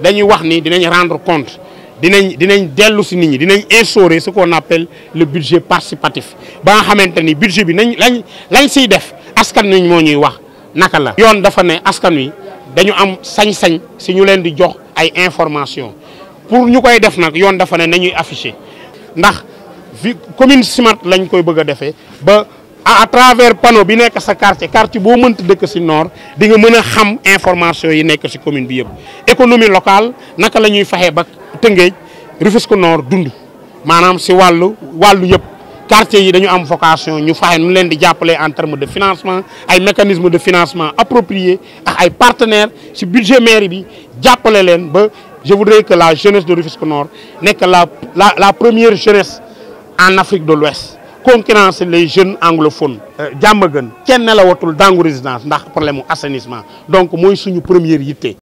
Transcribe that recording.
dañuy wax ni dinañ rendre compte dinañ dinañ déllu ci nit ñi dinañ instaurer ce qu'on appelle le budget participatif ba nga xamante ni budget bi nañ lañ lañ ciy def askan ñi mo ñuy wax naka la. yoon dafa ne askan wi dañu am sañ-sañ si ñu leen di jox ay information pour ñu koy def nak yoon dafa ne nañuy afficher ndax vi commune smart lañ koy bëgg a defee ba à travers panneau bi nek sa quartier quartier bo mënta dëkk ci nord di nga meuna xam information yi nek ci commune bi yeb économie locale naka lañuy ñuy faxee ba Tëngéej Rufisque Nord dund manam ci Walu, walu yeb quartier yi dañu am vocation ñu faxe nu leen di en termes de financement ay mécanismes de financement approprié ak ay partenaires ci budget mairie bi jàppale leen ba je voudrais que la jeunesse de Rufisque Nord nekk la la la première jeunesse en Afrique de l'Ouest concurrencer les jeunes anglophones qui euh, gën kenn la watul dangu résidence ndax problème mu assainissement donc suñu première idée.